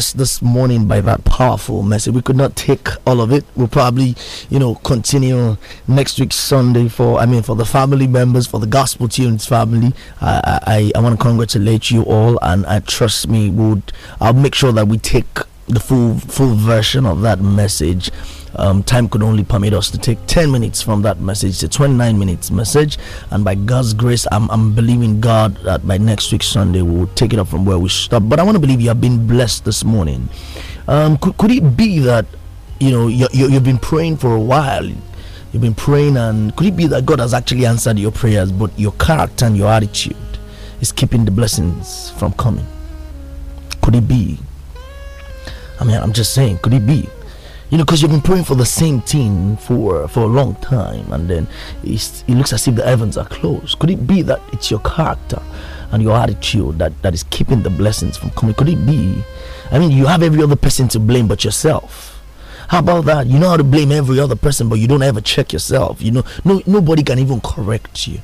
blessed this morning by that powerful message. We could not take all of it. We'll probably, you know, continue next week Sunday for, I mean, for the family members, for the gospel tunes family. I, I, I want to congratulate you all, and I uh, trust me, would I'll make sure that we take the full full version of that message. Um, time could only permit us to take 10 minutes from that message, the 29 minutes message. And by God's grace, I'm, I'm believing God that by next week, Sunday, we will take it up from where we stopped. But I want to believe you have been blessed this morning. Um, could, could it be that, you know, you, you, you've been praying for a while? You've been praying, and could it be that God has actually answered your prayers, but your character and your attitude is keeping the blessings from coming? Could it be? I mean, I'm just saying, could it be? You know, because you've been praying for the same thing for for a long time, and then it looks as if the heavens are closed. Could it be that it's your character and your attitude that, that is keeping the blessings from coming? Could it be? I mean, you have every other person to blame but yourself. How about that? You know how to blame every other person, but you don't ever check yourself. You know, no, nobody can even correct you.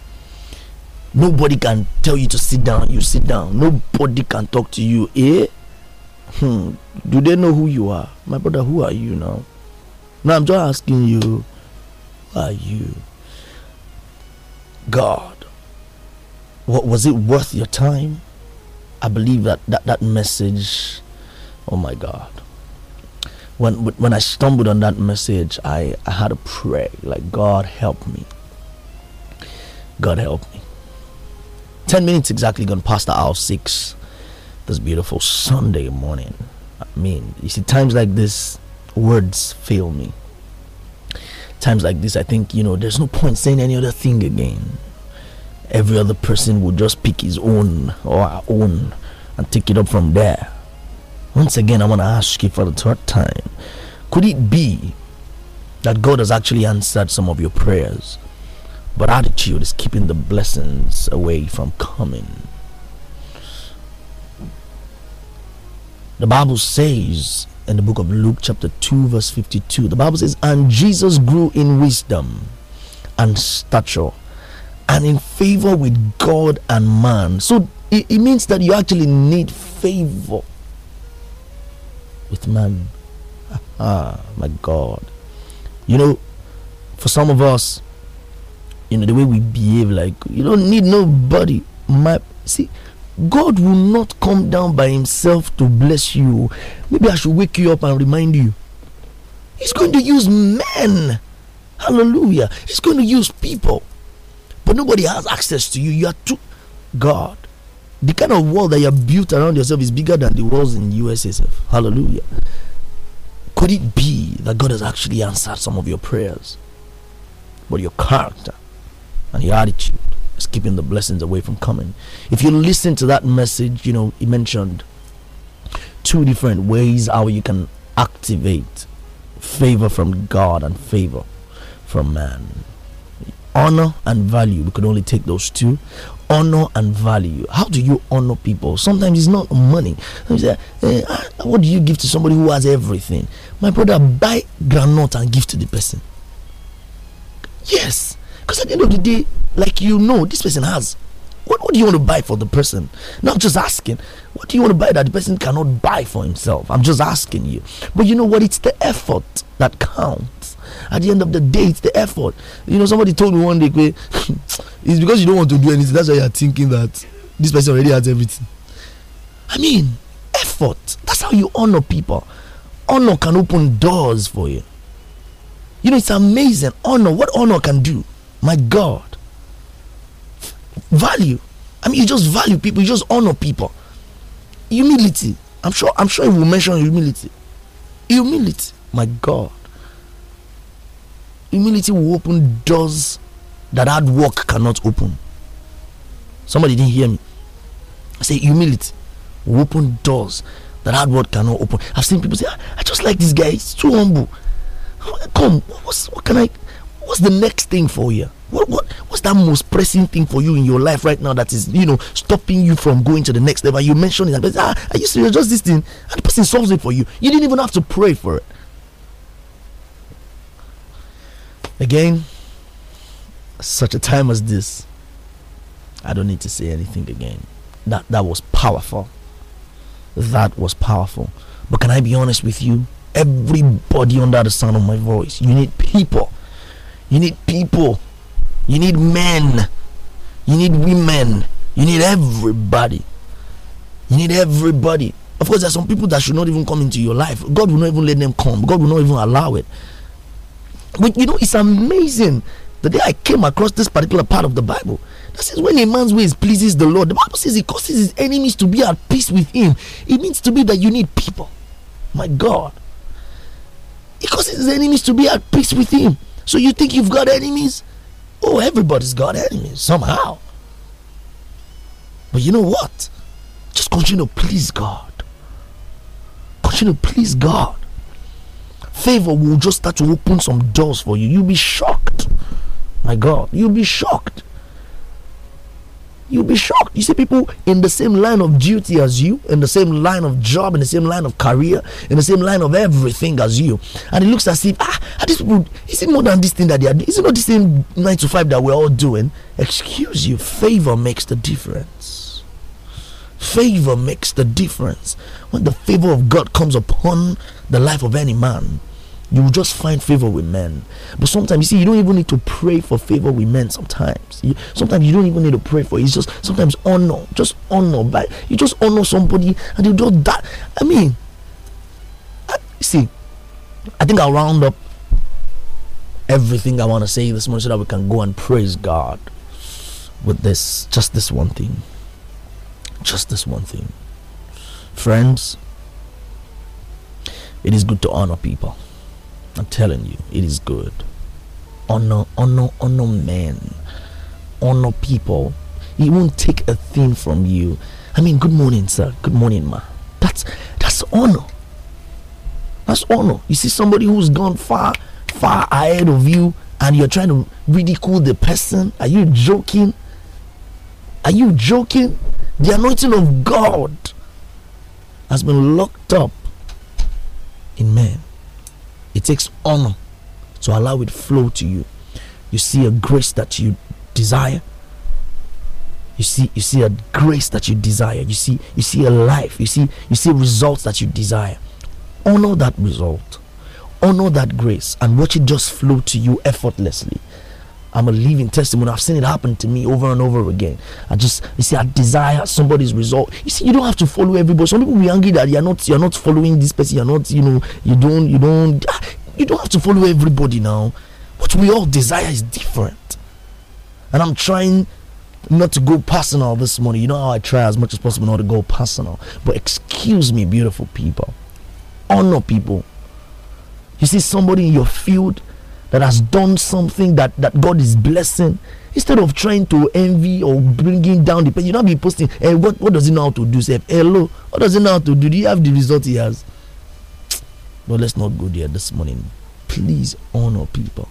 Nobody can tell you to sit down. You sit down. Nobody can talk to you. Eh? hmm, do they know who you are? My brother, who are you now? No, I'm just asking you, who are you? God, what was it worth your time? I believe that that, that message, oh my God. When, when I stumbled on that message, I, I had to pray, like, God help me. God help me. 10 minutes exactly gone past the hour 6 this beautiful Sunday morning. I mean, you see, times like this, words fail me. Times like this, I think, you know, there's no point saying any other thing again. Every other person will just pick his own or our own and take it up from there. Once again, I want to ask you for the third time could it be that God has actually answered some of your prayers, but attitude is keeping the blessings away from coming? The Bible says in the book of Luke, chapter 2, verse 52, the Bible says, And Jesus grew in wisdom and stature and in favor with God and man. So it, it means that you actually need favor with man. Ah, my God. You know, for some of us, you know, the way we behave, like, you don't need nobody. My, see, God will not come down by himself to bless you. Maybe I should wake you up and remind you. He's going to use men. Hallelujah. He's going to use people. But nobody has access to you. You are too God. The kind of world that you have built around yourself is bigger than the walls in the USSF. Hallelujah. Could it be that God has actually answered some of your prayers? But your character and your attitude is keeping the blessings away from coming. If you listen to that message, you know, he mentioned two different ways how you can activate favor from God and favor from man. Honor and value, we could only take those two. Honor and value. How do you honor people? Sometimes it's not money. Eh, ah, what do you give to somebody who has everything? My brother, buy granite and give to the person. Yes because at the end of the day, like you know, this person has. What, what do you want to buy for the person? I'm just asking. What do you want to buy that the person cannot buy for himself? I'm just asking you. But you know what? It's the effort that counts. At the end of the day, it's the effort. You know, somebody told me one day, it's because you don't want to do anything. That's why you're thinking that this person already has everything. I mean, effort. That's how you honor people. Honor can open doors for you. You know, it's amazing. Honor, what honor can do. My God. Value. I mean, you just value people, you just honor people. Humility. I'm sure I'm sure you will mention humility. Humility, my God. Humility will open doors that hard work cannot open. Somebody didn't hear me. I say humility will open doors that hard work cannot open. I've seen people say, I, ah, I just like this guy, he's too humble. Come, what's, what can I what's the next thing for you? What, what what's that most pressing thing for you in your life right now that is you know stopping you from going to the next level? You mentioned it. Person, ah, are you serious? Just this thing, and the person solves it for you. You didn't even have to pray for it. Again, such a time as this, I don't need to say anything again. That that was powerful. That was powerful. But can I be honest with you? Everybody under the sound of my voice, you need people you need people. You need men. You need women. You need everybody. You need everybody. Of course, there are some people that should not even come into your life. God will not even let them come. God will not even allow it. But you know, it's amazing. The day I came across this particular part of the Bible, that says when a man's ways pleases the Lord, the Bible says he causes his enemies to be at peace with him. It means to be that you need people. My God. He causes his enemies to be at peace with him. So you think you've got enemies? Oh, everybody's got enemies somehow. But you know what? Just continue to please God. Continue to please God. Favor will just start to open some doors for you. You'll be shocked. My God, you'll be shocked you'll be shocked. You see people in the same line of duty as you, in the same line of job, in the same line of career, in the same line of everything as you. And it looks as if, ah, are these people, is it more than this thing that they are doing? Is it not the same 9 to 5 that we're all doing? Excuse you, favor makes the difference. Favor makes the difference. When the favor of God comes upon the life of any man, you will just find favor with men. But sometimes you see, you don't even need to pray for favor with men. Sometimes, you, sometimes you don't even need to pray for. It. It's just sometimes honor, just honor. But you just honor somebody, and you do that. I mean, I, see, I think I'll round up everything I want to say this morning so that we can go and praise God with this, just this one thing, just this one thing, friends. It is good to honor people I'm telling you, it is good. Honor, honor, honor men, honor people. He won't take a thing from you. I mean, good morning, sir. Good morning, ma. That's that's honor. That's honor. You see somebody who's gone far, far ahead of you, and you're trying to ridicule the person. Are you joking? Are you joking? The anointing of God has been locked up in men. It takes honor to allow it flow to you. You see a grace that you desire. You see, you see a grace that you desire. You see, you see a life. You see, you see results that you desire. Honor that result. Honor that grace and watch it just flow to you effortlessly. I'm a living testimony. I've seen it happen to me over and over again. I just you see, I desire somebody's result. You see, you don't have to follow everybody. Some people will be angry that you're not you're not following this person, you're not, you know, you don't you don't ah, you don't have to follow everybody now. What we all desire is different. And I'm trying not to go personal this morning. You know how I try as much as possible not to go personal. But excuse me, beautiful people. Honor people. You see somebody in your field that has done something that, that God is blessing, instead of trying to envy or bringing down the person, you not be posting, hey, eh, what, what does he know how to do? Say, hello, what does he know how to do? Do you have the result he has? But let's not go there this morning. Please honor people.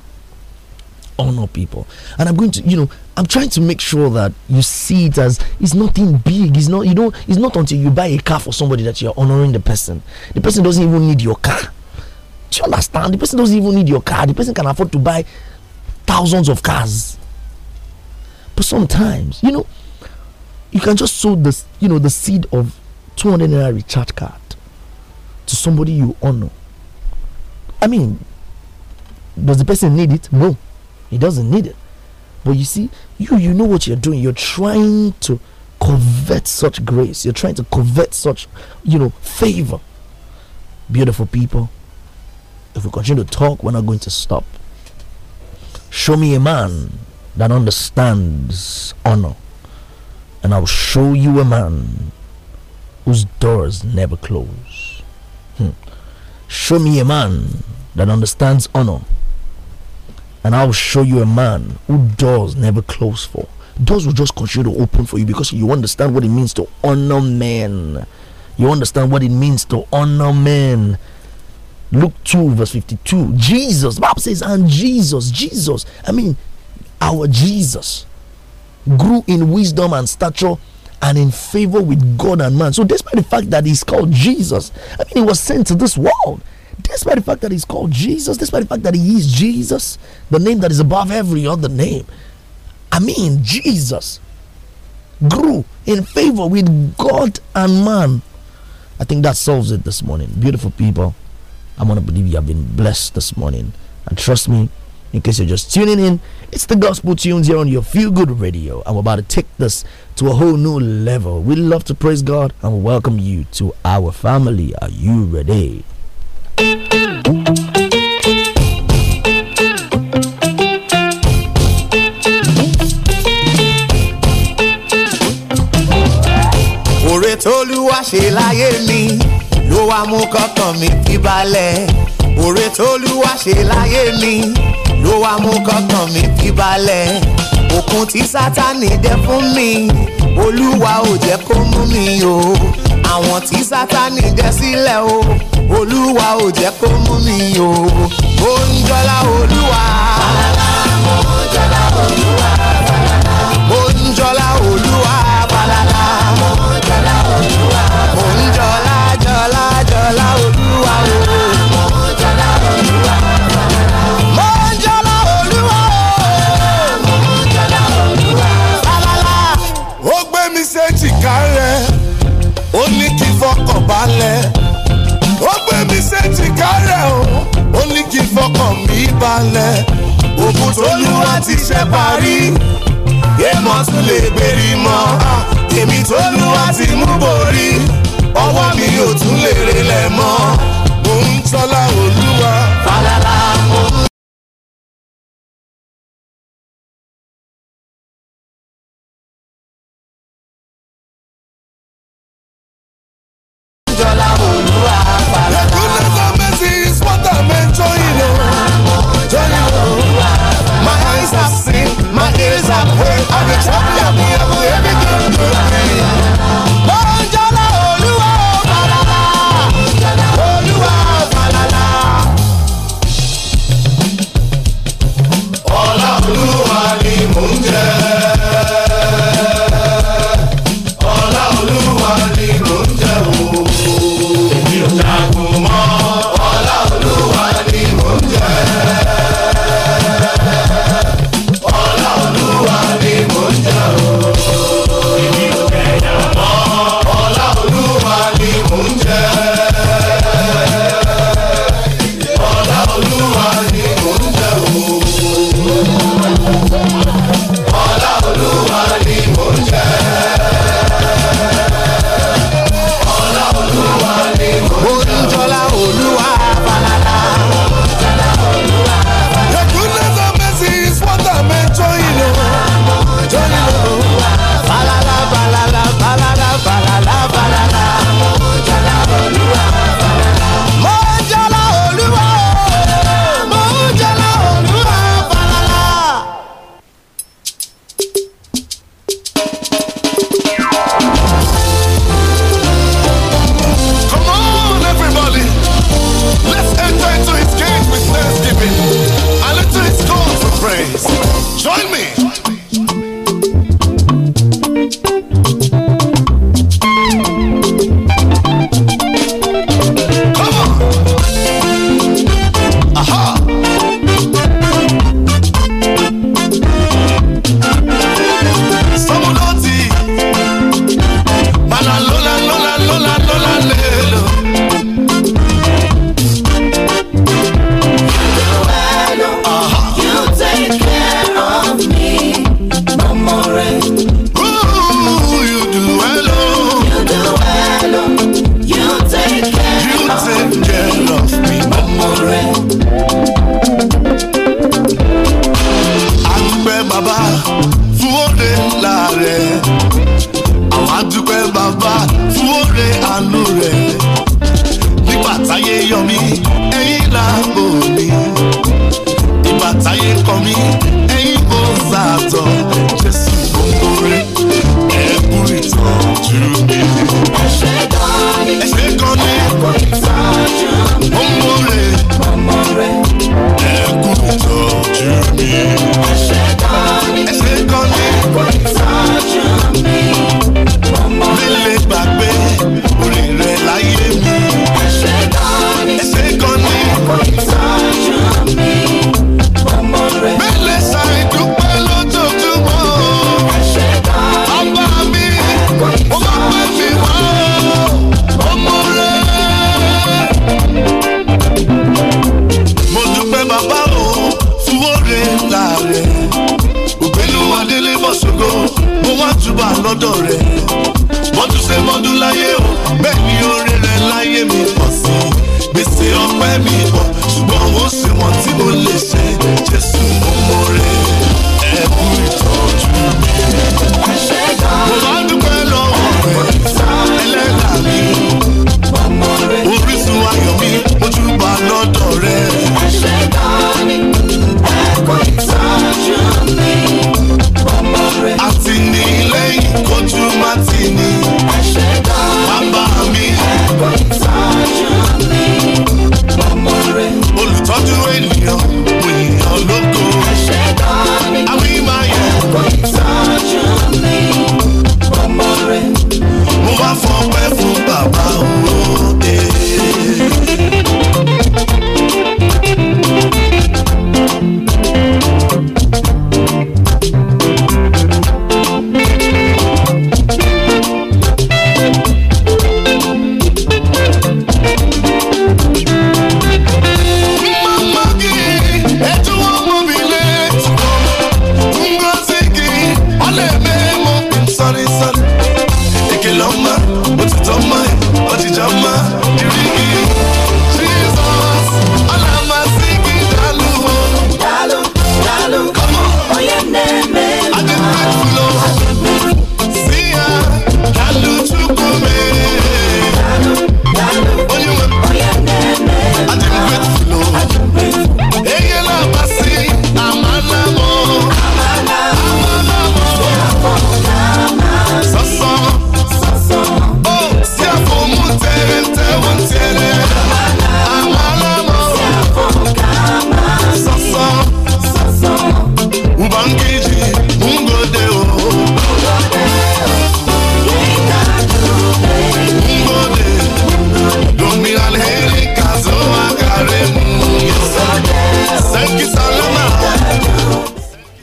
Honor people. And I'm going to, you know, I'm trying to make sure that you see it as it's nothing big. It's not, you know, it's not until you buy a car for somebody that you're honoring the person. The person doesn't even need your car do you understand? The person doesn't even need your car. The person can afford to buy thousands of cars. But sometimes, you know, you can just sow the you know the seed of 200 naira recharge card to somebody you honor. I mean, does the person need it? No, he doesn't need it. But you see, you you know what you're doing. You're trying to covet such grace. You're trying to covet such, you know, favor. Beautiful people. If we continue to talk, we're not going to stop. Show me a man that understands honor, and I'll show you a man whose doors never close. Hmm. Show me a man that understands honor, and I'll show you a man whose doors never close for. Doors will just continue to open for you because you understand what it means to honor men. You understand what it means to honor men. Luke 2, verse 52. Jesus, Bible says, and Jesus, Jesus, I mean, our Jesus grew in wisdom and stature and in favor with God and man. So, despite the fact that he's called Jesus, I mean, he was sent to this world. Despite the fact that he's called Jesus, despite the fact that he is Jesus, the name that is above every other name. I mean, Jesus grew in favor with God and man. I think that solves it this morning. Beautiful people. I want to believe you have been blessed this morning. And trust me, in case you're just tuning in, it's the gospel tunes here on your feel good radio. I'm about to take this to a whole new level. We love to praise God and welcome you to our family. Are you ready? Oore se laye mi. wá mú kọ́kàn mi kí balẹ̀ òre t'Olúwa ṣe láyé mi ló wá mú kọ́kàn mi kí balẹ̀ òkun tí Sátánì dẹ fún mi Olúwa ò jẹ́ kó mú mi o àwọn tí Sátánì dẹ sílẹ̀ o Olúwa ò jẹ́ kó mú mi o ó ń jọlá Olúwa. balẹ̀ òkú tóyúwa ti ṣe parí èèmọ̀ tún lè gbèrí mọ́ èmi tóyúwa ti mú borí ọwọ́ mi ò tún lè relẹ̀ mọ́ mò ń tọ́lá olúwa. fàlà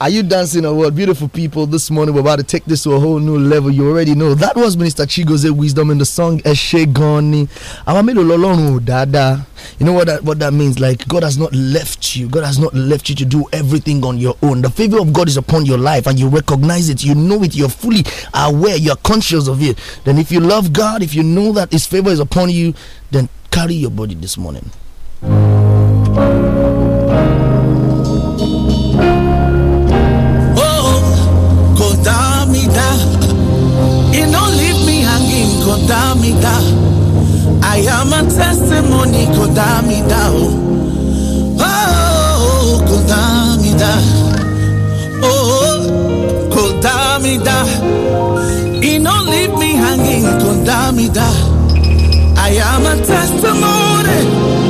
Are you dancing or what? Beautiful people, this morning we're about to take this to a whole new level. You already know. That was Minister Chigo's Wisdom in the song Eshegoni. Oh, Dada. You know what that what that means? Like God has not left you. God has not left you to do everything on your own. The favor of God is upon your life and you recognize it. You know it. You're fully aware. You're conscious of it. Then if you love God, if you know that his favor is upon you, then carry your body this morning. Kondamida, ay amat seste mouni kondamida Kondamida, kondamida, ino lip mi hangi Kondamida, ay amat seste mouni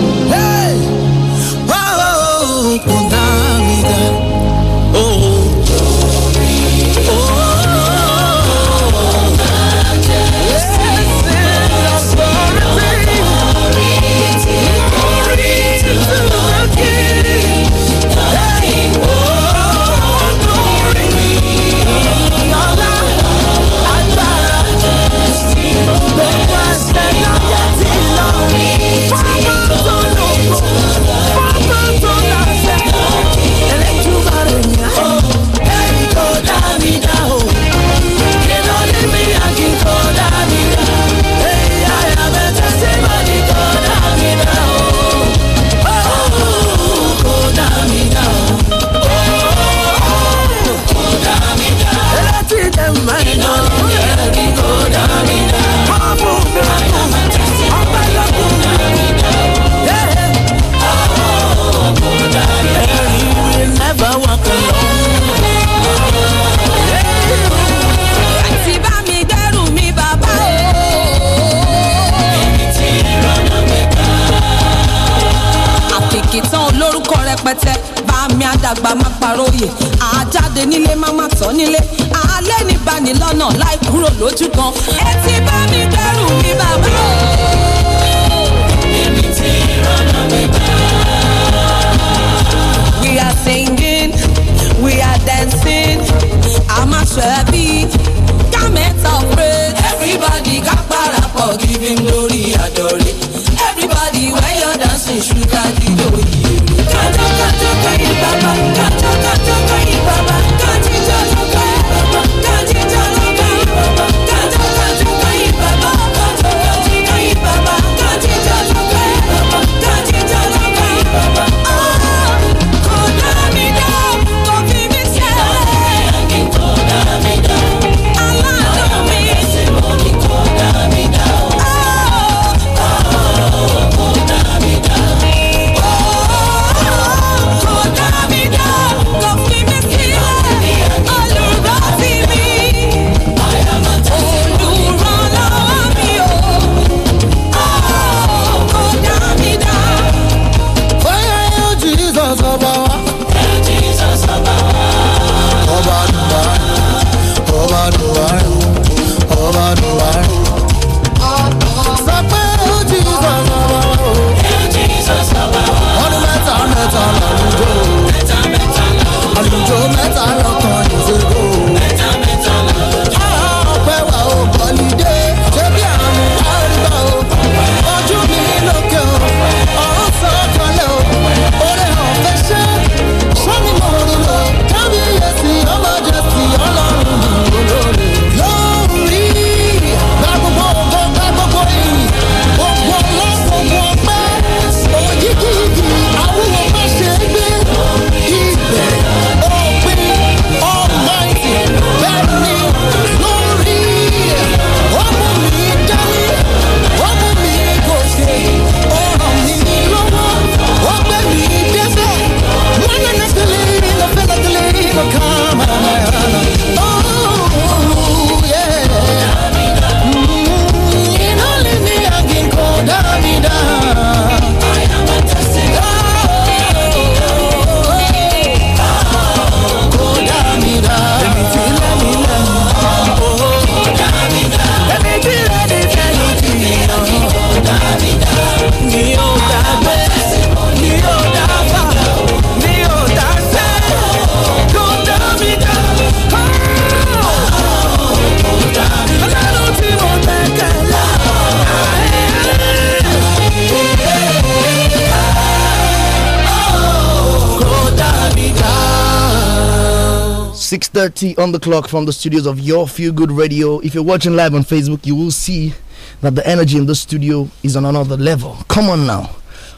6.30 on the clock from the studios of Your Feel Good Radio. If you're watching live on Facebook, you will see that the energy in the studio is on another level. Come on now.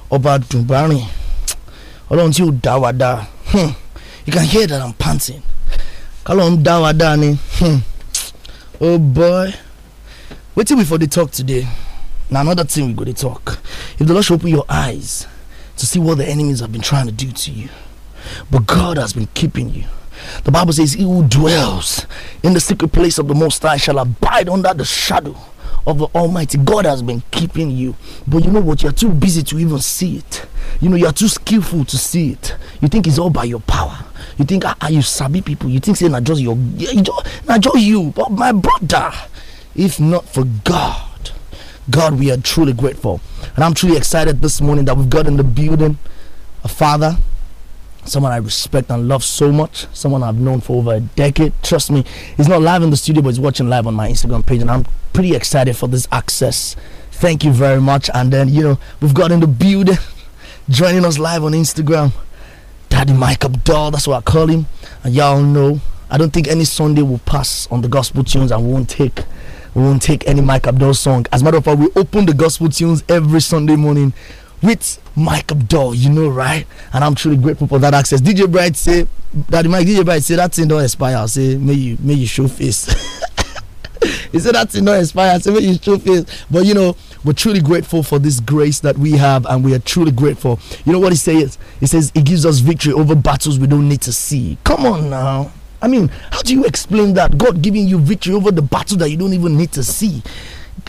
Ọba Dubari. Ọlọ́run tí dá hmm, You can hear that I'm panting. Kálọ̀ ń dawa dani. Hmm. Oh boy. Wetin we for dey talk today? Now another thing we are going to talk. If the Lord should open your eyes to see what the enemies have been trying to do to you, but God has been keeping you. The Bible says, He who dwells in the secret place of the Most High shall abide under the shadow of the Almighty. God has been keeping you. But you know what? You're too busy to even see it. You know, you're too skillful to see it. You think it's all by your power. You think, are ah, ah, you savvy people? You think, say, not just your, not just you, but my brother. If not for God, God, we are truly grateful. And I'm truly excited this morning that we've got in the building a father someone I respect and love so much, someone I've known for over a decade. Trust me, he's not live in the studio, but he's watching live on my Instagram page, and I'm pretty excited for this access. Thank you very much. And then, you know, we've got in the building, joining us live on Instagram, Daddy Mike Abdul, that's what I call him. And y'all know, I don't think any Sunday will pass on the gospel tunes and won't take. We won't take any Mike Abdul song. As a matter of fact, we open the gospel tunes every Sunday morning with Mike Abdul, you know, right? And I'm truly grateful for that access. DJ Bright say, that Mike, DJ Bright say, that thing don't expire. I say, may you, may you show face. he said, that thing don't expire. I say, may you show face. But, you know, we're truly grateful for this grace that we have and we are truly grateful. You know what he says? He says, it gives us victory over battles we don't need to see. Come on now. I mean, how do you explain that? God giving you victory over the battle that you don't even need to see.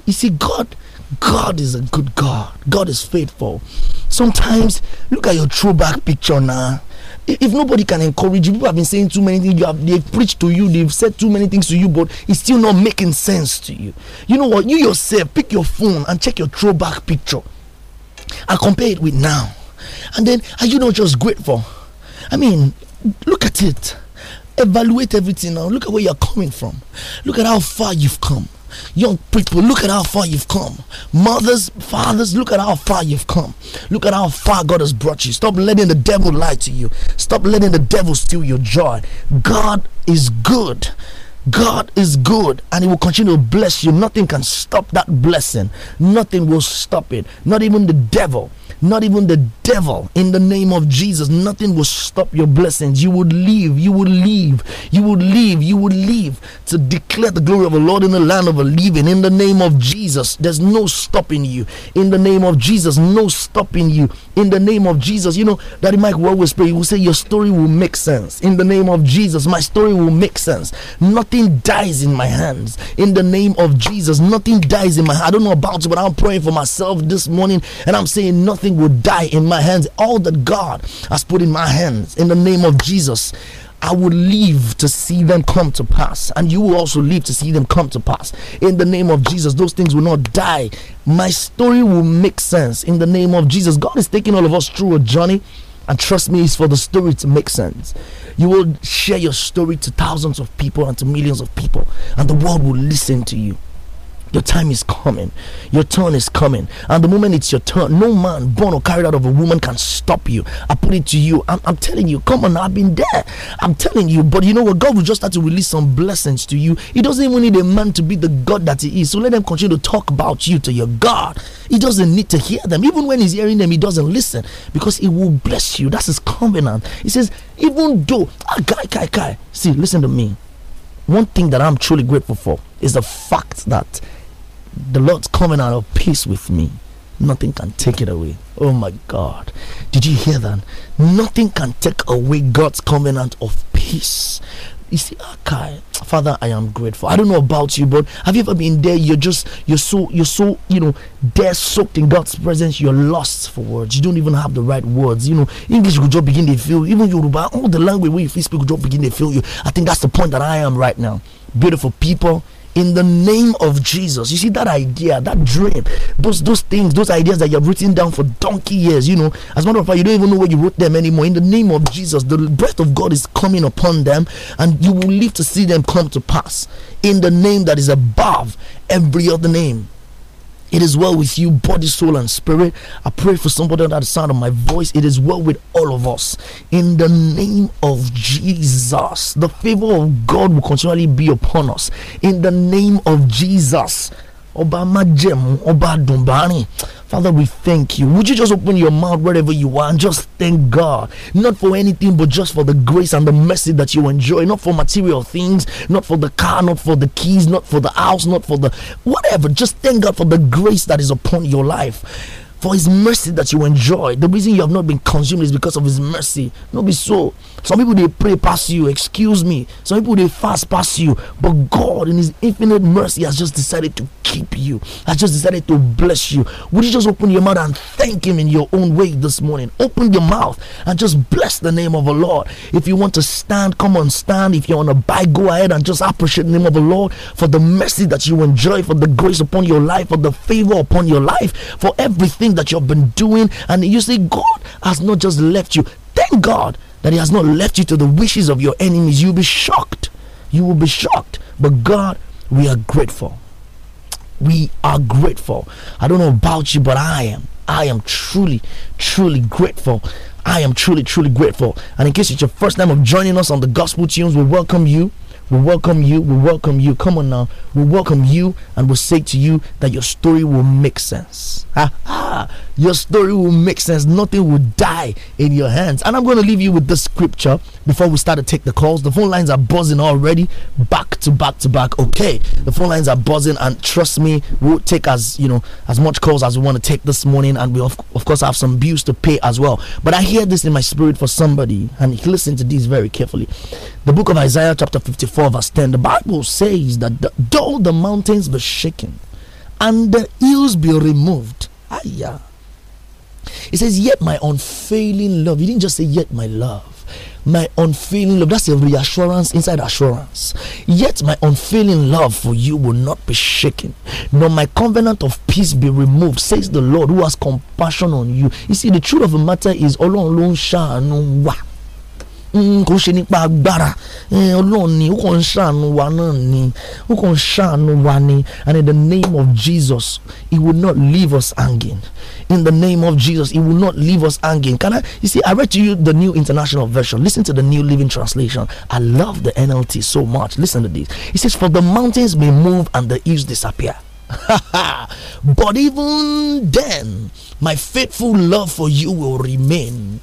You see, God God is a good God. God is faithful. Sometimes look at your throwback picture now. If nobody can encourage you, people have been saying too many things. You have they've preached to you, they've said too many things to you, but it's still not making sense to you. You know what? You yourself pick your phone and check your throwback picture and compare it with now. And then are you not just grateful? I mean, look at it. Evaluate everything now. Look at where you're coming from. Look at how far you've come Young people, look at how far you've come. Mothers, fathers, look at how far you've come. Look at how far God has brought you. Stop letting the devil lie to you. Stop letting the devil steal your joy. God is good. God is good and He will continue to bless you. Nothing can stop that blessing. Nothing will stop it. Not even the devil not even the devil. In the name of Jesus, nothing will stop your blessings. You would leave, you would leave, you would leave, you would leave to declare the glory of the Lord in the land of the living. In the name of Jesus, there's no stopping you. In the name of Jesus, no stopping you. In the name of Jesus, you know, Daddy Mike will always pray. He will say, Your story will make sense. In the name of Jesus, my story will make sense. Nothing dies in my hands. In the name of Jesus, nothing dies in my hand. I don't know about you, but I'm praying for myself this morning and I'm saying nothing will die in my hands. All that God has put in my hands, in the name of Jesus, I will live to see them come to pass, and you will also live to see them come to pass. In the name of Jesus, those things will not die. My story will make sense. In the name of Jesus, God is taking all of us through a journey. And trust me, it's for the story to make sense. You will share your story to thousands of people and to millions of people, and the world will listen to you. Your time is coming. Your turn is coming. And the moment it's your turn, no man born or carried out of a woman can stop you. I put it to you. I'm, I'm telling you, come on, I've been there. I'm telling you. But you know what? God will just start to release some blessings to you. He doesn't even need a man to be the God that he is. So let them continue to talk about you to your God. He doesn't need to hear them. Even when he's hearing them, he doesn't listen because he will bless you. That's his covenant. He says, even though, ah, guy, guy, guy. See, listen to me. One thing that I'm truly grateful for is the fact that the Lord's coming out of peace with me. Nothing can take it away. Oh my God. Did you hear that? Nothing can take away God's covenant of peace. You see, okay, ah, Father, I am grateful. I don't know about you, but have you ever been there? You're just you're so you're so you know there soaked in God's presence. You're lost for words. You don't even have the right words. You know, English could just begin to feel even Yoruba, all the language where you speak could just begin to feel you. I think that's the point that I am right now. Beautiful people in the name of Jesus. You see that idea, that dream, those those things, those ideas that you have written down for donkey years, you know. As a matter of fact, you don't even know where you wrote them anymore. In the name of Jesus, the breath of God is coming upon them, and you will live to see them come to pass in the name that is above every other name. It is well with you, body, soul, and spirit. I pray for somebody under the sound of my voice. It is well with all of us. In the name of Jesus, the favor of God will continually be upon us. In the name of Jesus, Oba gem, Oba Dumbani. Father, we thank you. Would you just open your mouth wherever you are and just thank God? Not for anything, but just for the grace and the mercy that you enjoy. Not for material things, not for the car, not for the keys, not for the house, not for the whatever. Just thank God for the grace that is upon your life for his mercy that you enjoy. The reason you have not been consumed is because of his mercy. Not be so. Some people they pray past you, excuse me. Some people they fast past you, but God in His infinite mercy has just decided to keep you, has just decided to bless you. Would you just open your mouth and thank Him in your own way this morning? Open your mouth and just bless the name of the Lord. If you want to stand, come on, stand. If you want to buy, go ahead and just appreciate the name of the Lord for the mercy that you enjoy, for the grace upon your life, for the favor upon your life, for everything that you've been doing. And you see, God has not just left you. Thank God that He has not left you to the wishes of your enemies. You'll be shocked. You will be shocked. But God, we are grateful. We are grateful. I don't know about you, but I am. I am truly, truly grateful. I am truly, truly grateful. And in case it's your first time of joining us on the Gospel Tunes, we welcome you. We welcome you. We welcome you. Come on now. We welcome you and we will say to you that your story will make sense. Ah, your story will make sense. Nothing will die in your hands. And I'm going to leave you with this scripture before we start to take the calls. The phone lines are buzzing already, back to back to back. Okay, the phone lines are buzzing, and trust me, we'll take as you know as much calls as we want to take this morning, and we of, of course have some bills to pay as well. But I hear this in my spirit for somebody, and listen to these very carefully. The book of Isaiah, chapter 54 4, verse 10, the Bible says that the, though the mountains be shaken and the hills be removed, ah, yeah. It says, Yet my unfailing love. He didn't just say, Yet my love. My unfailing love. That's a reassurance inside assurance. Yet my unfailing love for you will not be shaken, nor my covenant of peace be removed, says the Lord who has compassion on you. You see, the truth of the matter is, Olorun lo Mm, kò ṣe nípa agbára ọlọ́run ni ó kàn ń ṣàánú wa náà ni ó kàn ń ṣàánú wa ni and in the name of Jesus he will not leave us hanging in the name of Jesus he will not leave us hanging can I you see I read to you the New International Version listen to the New Living Translation I love the NLT so much listen to this it says for the mountains may move and the hills disappear but even then, my faithful love for you will remain.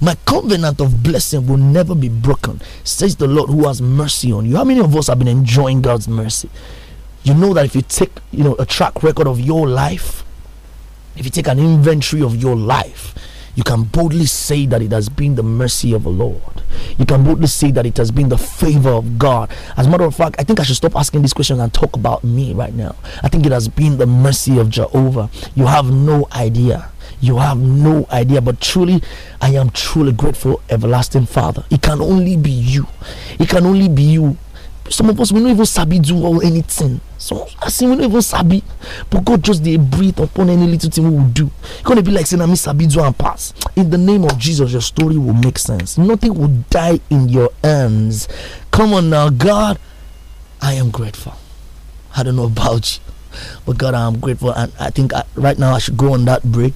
My covenant of blessing will never be broken, says the Lord who has mercy on you. How many of us have been enjoying God's mercy? You know that if you take, you know, a track record of your life, if you take an inventory of your life, you can boldly say that it has been the mercy of the Lord. You can boldly say that it has been the favor of God. As a matter of fact, I think I should stop asking these questions and talk about me right now. I think it has been the mercy of Jehovah. You have no idea. You have no idea, but truly, I am truly grateful, everlasting Father. It can only be you. It can only be you some of us we no even sabi do all anything so as in we no even sabi but god just dey breathe upon any little thing we will do e gonna be like say na me sabi do am pass in the name of jesus your story will make sense nothing will die in your hands come on now god i am grateful i don't know about you but god i am grateful and i think I, right now i should go on that break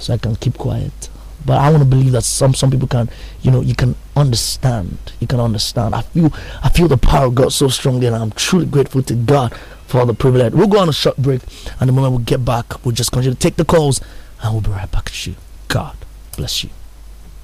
so i can keep quiet but I want to believe that some some people can, you know, you can understand. You can understand. I feel I feel the power of God so strongly, and I'm truly grateful to God for the privilege. We'll go on a short break, and the moment we get back, we'll just continue to take the calls, and we'll be right back to you. God bless you.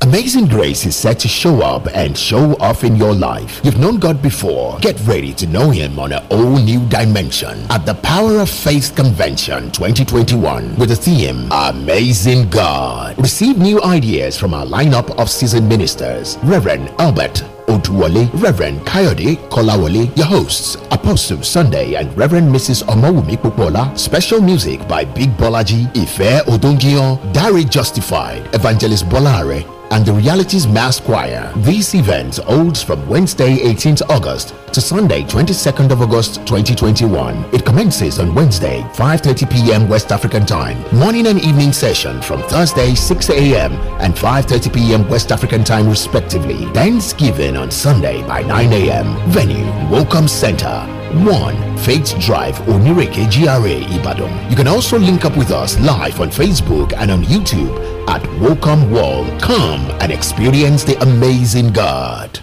Amazing grace is set to show up and show off in your life. You've known God before. Get ready to know Him on a whole new dimension at the Power of Faith Convention 2021 with the theme Amazing God. Receive new ideas from our lineup of seasoned ministers, Reverend Albert Oduwale, Reverend Kayode Kolawole, your hosts, Apostle Sunday and Reverend Mrs. Omowumi Popola. Special music by Big Bolaji, Ife Odongion, Diary Justified, Evangelist Bolare, and the Realities Mass Choir. This event holds from Wednesday 18th August to Sunday 22nd of August 2021. It commences on Wednesday 5.30 p.m. West African Time. Morning and evening session from Thursday 6 a.m. and 5.30 p.m. West African Time respectively. Dance given on Sunday by 9 a.m. Venue Welcome Center 1. Faith Drive Onireke GRA Ibadan. You can also link up with us live on Facebook and on YouTube at Welcome World. Come and experience the amazing God.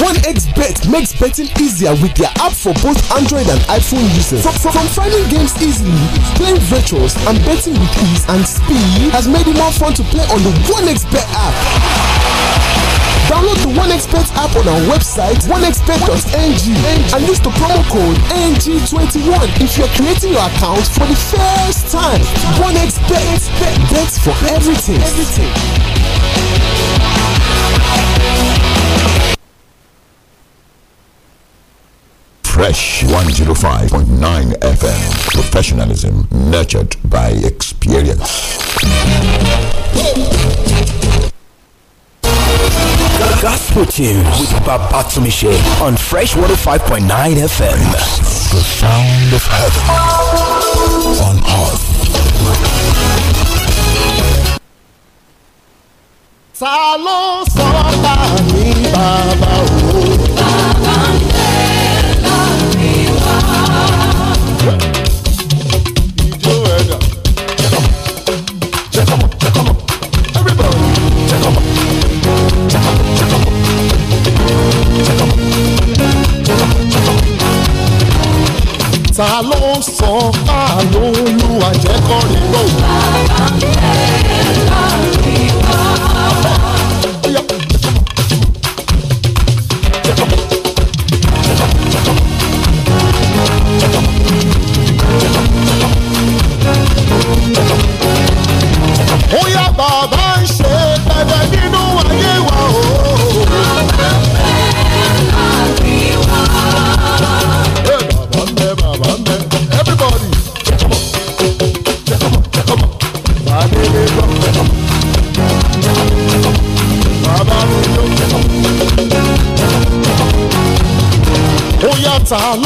one Bet makes betting easier with their app for both Android and iPhone users. From, from, from, finding games easily, playing virtuals, and betting with ease and speed has made it more fun to play on the one Bet app. Download the One app on our website, oneexpert.ng, and use the promo code NG21 if you're creating your account for the first time. One bets for everything. everything. Fresh 105.9 FM. Professionalism nurtured by experience. Gospel tunes with Babatsumishe on Fresh 5.9 FM. The sound of heaven on earth. Ta bàbá sọ́kà lóluwà jẹ́ kọ́rin lọ́wọ́. It's all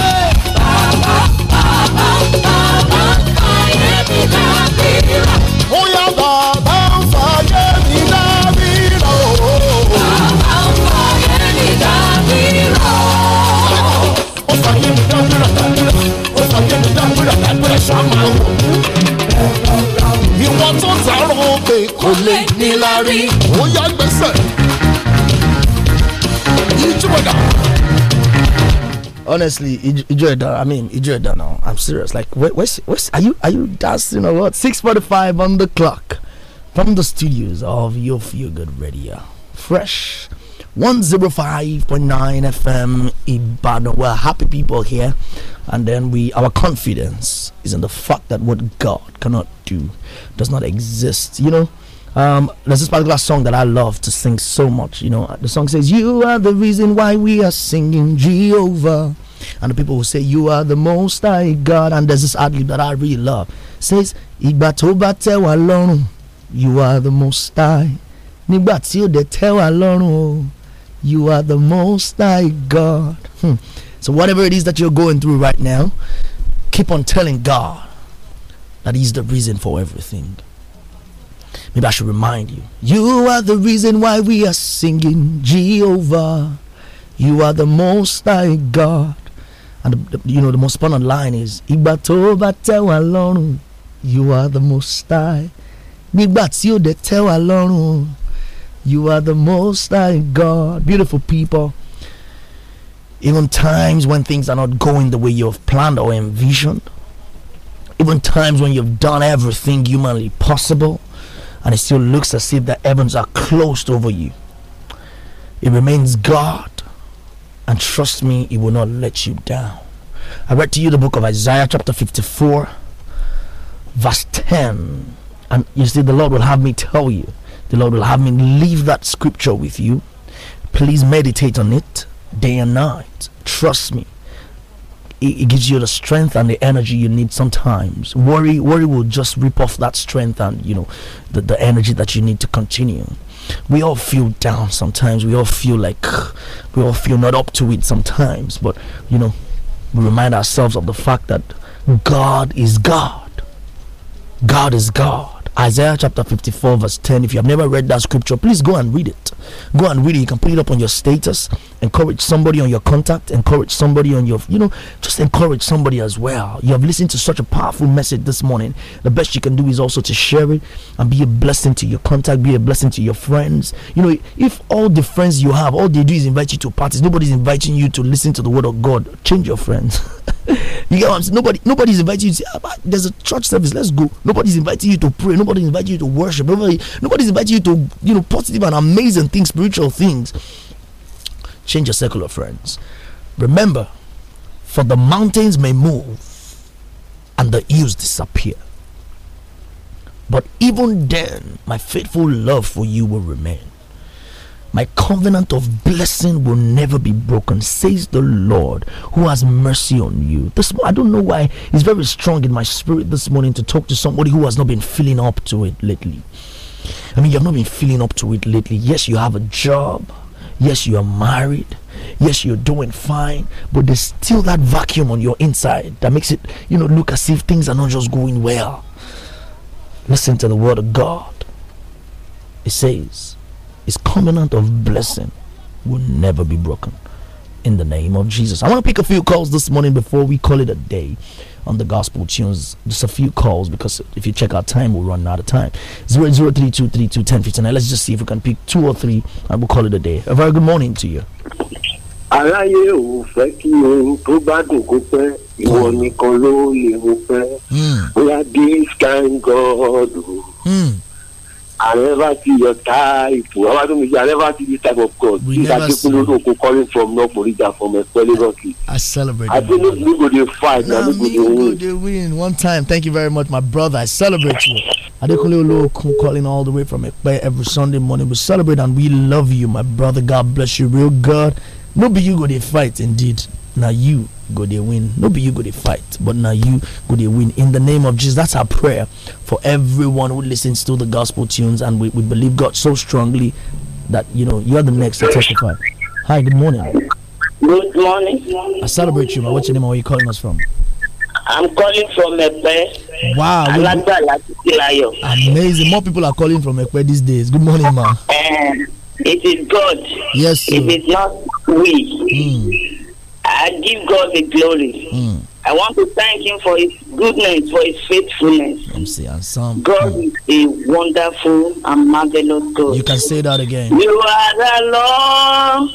ìwọ̀n tó kò lè ó yá gbèsè. ìjú ẹ̀dá. Honestly, Ijo Eda, I mean Ijo Eda I'm serious. Like, where, where's, where's, are you are you dancing or what? 6:45 on the clock from the studios of Your Feel Good Radio, fresh 105.9 FM Ibadan. We're happy people here, and then we our confidence is in the fact that what God cannot do does not exist. You know, um, there's this particular song that I love to sing so much. You know, the song says, "You are the reason why we are singing Jehovah," and the people will say, "You are the Most High God." And there's this adlib that I really love. It says, "Igba to ba you are the Most High." Nigba ti o de te wa o. You are the most high God. Hmm. So, whatever it is that you're going through right now, keep on telling God that He's the reason for everything. Maybe I should remind you. You are the reason why we are singing Jehovah. You are the most high God. And the, the, you know the most important line is Ìgbà tó bá you are the most high. Nígbà tí you are the most high God. Beautiful people. Even times when things are not going the way you have planned or envisioned. Even times when you've done everything humanly possible and it still looks as if the heavens are closed over you. It remains God. And trust me, He will not let you down. I read to you the book of Isaiah, chapter 54, verse 10. And you see, the Lord will have me tell you the Lord will have me leave that scripture with you. Please meditate on it day and night. Trust me. It, it gives you the strength and the energy you need sometimes. Worry worry will just rip off that strength and you know the, the energy that you need to continue we all feel down sometimes we all feel like we all feel not up to it sometimes but you know we remind ourselves of the fact that god is god god is god Isaiah chapter 54, verse 10. If you have never read that scripture, please go and read it. Go and read it. You can put it up on your status. Encourage somebody on your contact. Encourage somebody on your, you know, just encourage somebody as well. You have listened to such a powerful message this morning. The best you can do is also to share it and be a blessing to your contact, be a blessing to your friends. You know, if all the friends you have, all they do is invite you to parties, nobody's inviting you to listen to the word of God, change your friends. You get what I'm saying? Nobody, nobody's inviting you to say, ah, there's a church service, let's go. Nobody's inviting you to pray. Nobody's inviting you to worship. Nobody, nobody's inviting you to, you know, positive and amazing things, spiritual things. Change your circle of friends. Remember, for the mountains may move and the hills disappear. But even then, my faithful love for you will remain. My covenant of blessing will never be broken, says the Lord, who has mercy on you. This I don't know why it's very strong in my spirit this morning to talk to somebody who has not been feeling up to it lately. I mean, you have not been feeling up to it lately. Yes, you have a job. Yes, you are married. Yes, you're doing fine, but there's still that vacuum on your inside that makes it, you know, look as if things are not just going well. Listen to the word of God. It says, his covenant of blessing will never be broken. In the name of Jesus. I want to pick a few calls this morning before we call it a day on the gospel tunes. Just a few calls because if you check our time, we'll run out of time. 003232109. Let's just see if we can pick two or three and we'll call it a day. A very good morning to you. aráyé ò fẹ́ kí tó kó pẹ́ ìwọ hmm. nìkan ló lè mú pẹ́ hmm. bóyá this kind God o. Mm. I never see your type. I never see you type of God. We people who Oko calling from North Florida from Ekpele Rocky. I celebrate. I think no go dey fight na no go go dey win one time. Thank you very much my brother. I celebrate you. Adekunle Olokun calling all the way from Ekpe every Sunday morning. We celebrate and we love you my brother. God bless you real God. Nobody be you go dey fight indeed. Now you go they win. No be you go they fight, but now you go they win. In the name of Jesus, that's our prayer for everyone who listens to the gospel tunes and we, we believe God so strongly that you know you're the next to testify. Hi, good morning. Good morning. I celebrate you, man. What's your name? Where are you calling us from? I'm calling from Ekpe. Wow. Amazing. More people are calling from Ekpe these days. Good morning, ma. Eh, it is God. Yes, sir. It is not we. Mm. I give God the glory. Mm. I want to thank Him for His goodness, for His faithfulness. MC God mm. is a wonderful and marvelous God. You can say that again. You are the Lord,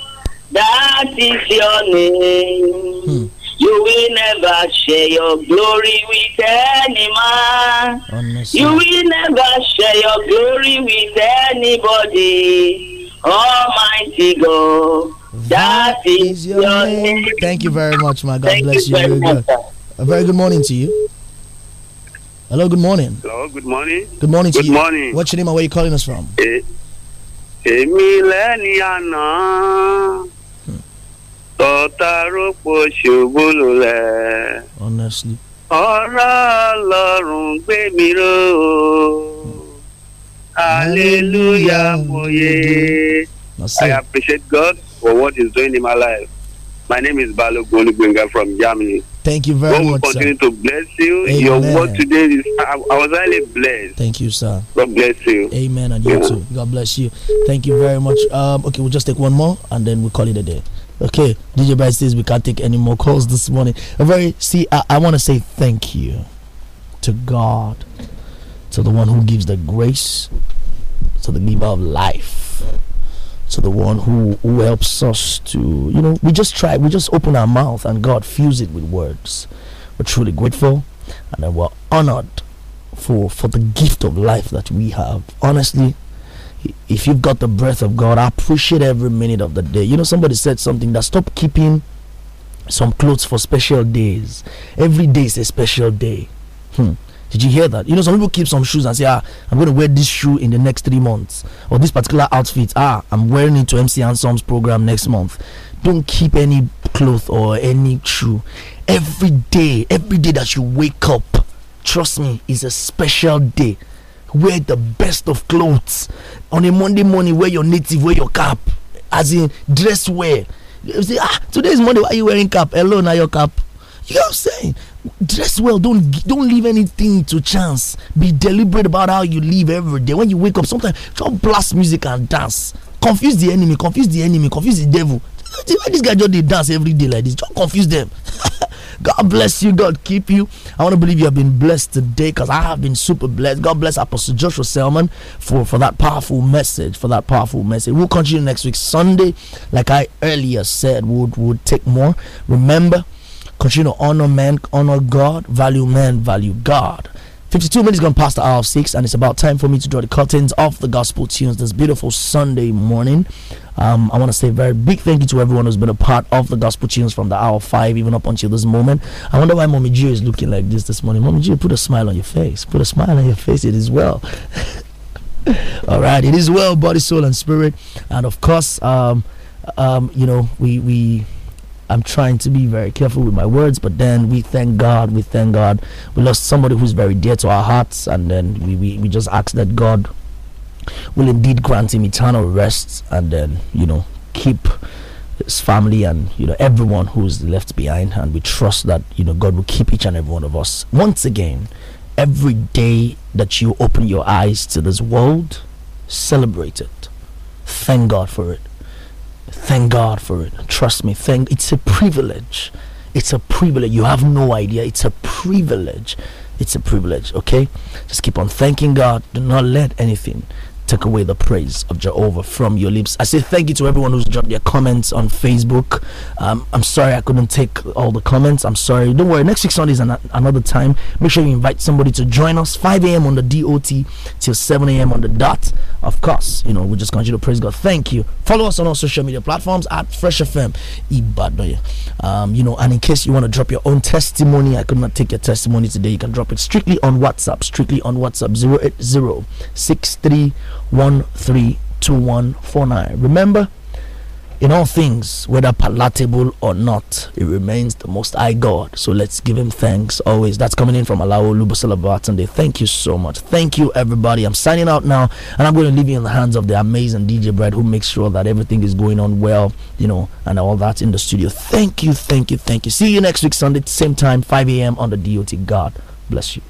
that is your name. Mm. You will never share your glory with any man. Honestly. You will never share your glory with anybody. Almighty God that is your, name. Thank you very much, my God Thank bless you. Very good. a very good morning to you. Hello, good morning. Hello, good morning. Good morning to you. Good morning. What's your name and where are you calling us from? Emiliana. Hmm. Honestly. Ọ̀rọ̀ Ọlọ́run gbé mi ró. Hmm. Hallelujah, I appreciate God for what he's doing in my life. My name is Balogun Gwenga from Germany. Thank you very God much. God will continue sir. to bless you. Amen. Your work today is, I, I, was highly blessed. Thank you, sir. God bless you. Amen. And you yeah. too. God bless you. Thank you very much. Um, okay, we'll just take one more and then we'll call it a day. Okay, DJ Bright says we can't take any more calls this morning. A very see, I, I want to say thank you to God, to the one who gives the grace, to the giver of life to the one who who helps us to you know we just try we just open our mouth and God fills it with words. We're truly grateful and then we're honored for for the gift of life that we have. Honestly, if you've got the breath of God, I appreciate every minute of the day. You know, somebody said something that stop keeping some clothes for special days. Every day is a special day. Hmm. Did you hear that? You know, some people keep some shoes and say, ah, I'm going to wear this shoe in the next three months or this particular outfit. Ah, I'm wearing it to MC Anselm's program next month. Don't keep any cloth or any shoe. Every day, every day that you wake up, trust me, is a special day. Wear the best of clothes. On a Monday morning, wear your native, wear your cap. As in, dress wear. You say, ah, today is Monday, why are you wearing cap? Hello, now your cap. You know what I'm saying? dress well don't don't leave anything to chance be deliberate about how you live every day when you wake up sometimes just blast music and dance confuse the enemy confuse the enemy confuse the devil this guy just they dance every day like this just confuse them god bless you god keep you i want to believe you have been blessed today because i have been super blessed god bless apostle joshua selman for for that powerful message for that powerful message we'll continue next week sunday like i earlier said would we would take more remember Continue to honor man, honor God, value man, value God. 52 minutes gone past the hour of six, and it's about time for me to draw the curtains off the gospel tunes this beautiful Sunday morning. Um, I want to say a very big thank you to everyone who's been a part of the gospel tunes from the hour five, even up until this moment. I wonder why Mommy Gio is looking like this this morning. Mommy Gio, put a smile on your face. Put a smile on your face. It is well. All right, it is well, body, soul, and spirit. And of course, um, um, you know, we we I'm trying to be very careful with my words, but then we thank God, we thank God. We lost somebody who's very dear to our hearts, and then we, we, we just ask that God will indeed grant him eternal rest and then, you know, keep his family and you know everyone who's left behind and we trust that you know God will keep each and every one of us. Once again, every day that you open your eyes to this world, celebrate it. Thank God for it. Thank God for it. Trust me. Thank. It's a privilege. It's a privilege. You have no idea. It's a privilege. It's a privilege. Okay. Just keep on thanking God. Do not let anything take away the praise of Jehovah from your lips. I say thank you to everyone who's dropped their comments on Facebook. Um, I'm sorry I couldn't take all the comments. I'm sorry. Don't worry. Next week Sunday an- another time. Make sure you invite somebody to join us. 5 a.m. on the DOT till 7 a.m. on the dot. Of course, you know we just continue to praise God. Thank you. Follow us on all social media platforms at Fresh FM Um, you know, and in case you want to drop your own testimony, I could not take your testimony today. You can drop it strictly on WhatsApp. Strictly on WhatsApp. 080 132149. Remember, in all things, whether palatable or not, it remains the Most High God. So let's give Him thanks always. That's coming in from Alao Lubusala Sunday. Thank you so much. Thank you, everybody. I'm signing out now, and I'm going to leave you in the hands of the amazing DJ Brad, who makes sure that everything is going on well, you know, and all that in the studio. Thank you, thank you, thank you. See you next week, Sunday, same time, 5 a.m. on the DOT. God bless you.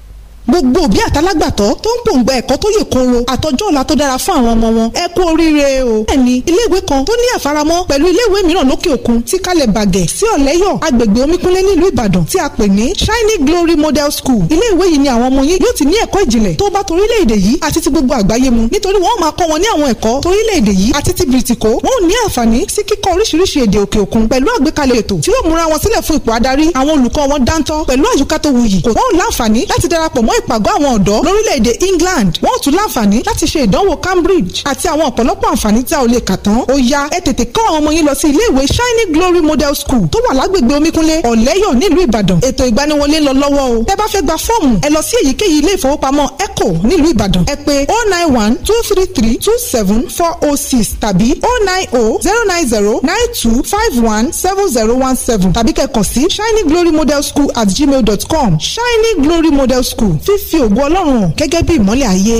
gbogbo òbí àtàlágbàtọ́ tó ń pòǹgbà ẹ̀kọ́ tó yè kooro àtọjọ́ ọ̀la tó dára fún àwọn ọmọ wọn ẹ kú oríire o. bẹ́ẹ̀ni iléèwé kan tó ní àfaramọ́ pẹ̀lú iléèwé mìíràn lókè òkun ti kalẹ̀ bàgẹ́ sí ọ̀lẹ́yọ̀ agbègbè omíkúnlé nílùú ìbàdàn tí a pè ní shiny glory model school. iléèwé yìí ni àwọn ọmọ yín yóò ti ní ẹ̀kọ́ ìjìnlẹ̀ tó bá torílẹ̀-èdè yìí àti ti gbogbo àgbáyé mu nítorí wọ́n máa kọ́ wọn ní àwọn ẹ̀kọ́ torílẹ̀-èdè yìí àti ti bìrìtìkó wọn ò ní àǹfààní sí kíkọ́ oríṣiríṣi èdè òkè òkun pẹ̀lú àgbékalẹ̀ ètò tí yóò múra wọn sílẹ̀ fún ipò adarí àwọn olùkọ́ wọn dáńtọ́ pẹ̀lú àyíká tó wuyì kò wọ́n láǹfààní láti darapọ̀ mọ́ ìpàgọ́ àwọn ọ̀dọ́ lórílẹ̀‐èdè England wọ́n tún láǹfààní láti ṣe ìdánwò Cambridge àti àwọn ọ̀pọ̀lọpọ̀ àǹfààní tí a ò lè kà tán ó yá ẹ tètè kọ́ àwọn ọmọ yín lọ sí ilé Shiny Glory Model School tó wà lágbègbè Omíkúnlé Ọ̀lẹ́yọ̀ nílùú Ìbàdàn ètò ìgbaniwọlé ń lọ lọ́wọ́ o tẹ́ bá fẹ́ gba fọ́ọ̀mù ẹ lọ sí èyíkéyìí ilé ìfowópamọ́ eco nílùú Ìbàdàn ẹ pè oh nine one two three three two seven four oh six tàbí oh nine oh zero nine zero nine two five one seven zero one seven tàbí kẹ́ kàn sí Shiny Glory Model School at gmail dot com Shiny Glory Model School fífi ògo ọlọ́run gẹ́gẹ́ bí ìmọ́lẹ̀ ayé.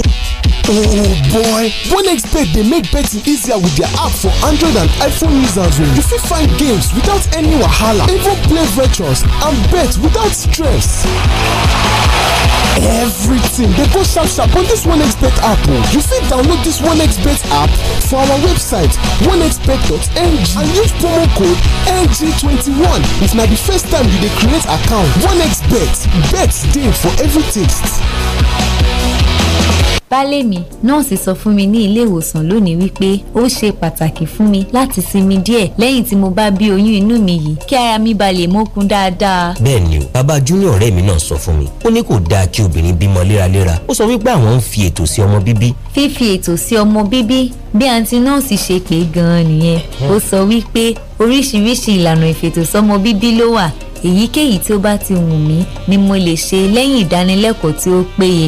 Oh boy! OneXBet dey make betting easier with their app for Android and iPhone users. Oh. You fit find games without any wahala, even play virtuals and bet without stress. Everything they go sharp sharp on this OneXBet app oh. You fit download this OneXBet app for our website onexbet.ng and use promo code NG21 if not the first time you create account. OneXBet, bet day for everything. cysts. Baálé mi nọ́ọ̀sì sọ fún mi ní ilé ìwòsàn lónìí wípé ó ṣe pàtàkì fún mi láti sinmi díẹ̀ lẹ́yìn tí mo bá bí oyún inú mi yìí kí ara mi ba lè dáadáa. Bẹ́ẹ̀ni o bàbá Junior ọ̀rẹ́ mi náà sọ fún mi ó ní kò dáa kí obìnrin bímọ léraléra ó sọ wípé àwọn ń fi ètò sí ọmọ bíbí. Fífi ètò sí ọmọ bíbí bí àǹtí nọ́ọ̀sì ṣe pé gan-an nìyẹn ó sọ wípé oríṣiríṣi ìlànà ìfètòsọ́mọ bíbí ló wà èyíkéyìí tí ó bá ti wù mí ni mo lè ṣe lẹ́yìn ìdánilẹ́kọ̀ọ́ tí ó péye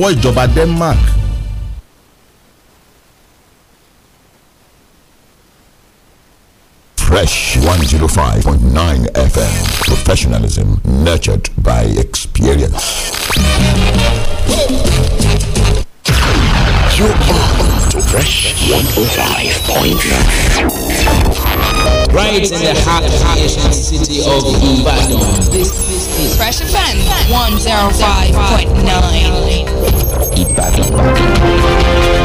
lọ́wọ́ ìjọba Denmark. Fresh 105.9 FM. Professionalism nurtured by experience. You are Fresh 105.9. Right in the heart of city of Ibadan. This is Fresh Offense 105.9. Ibadan.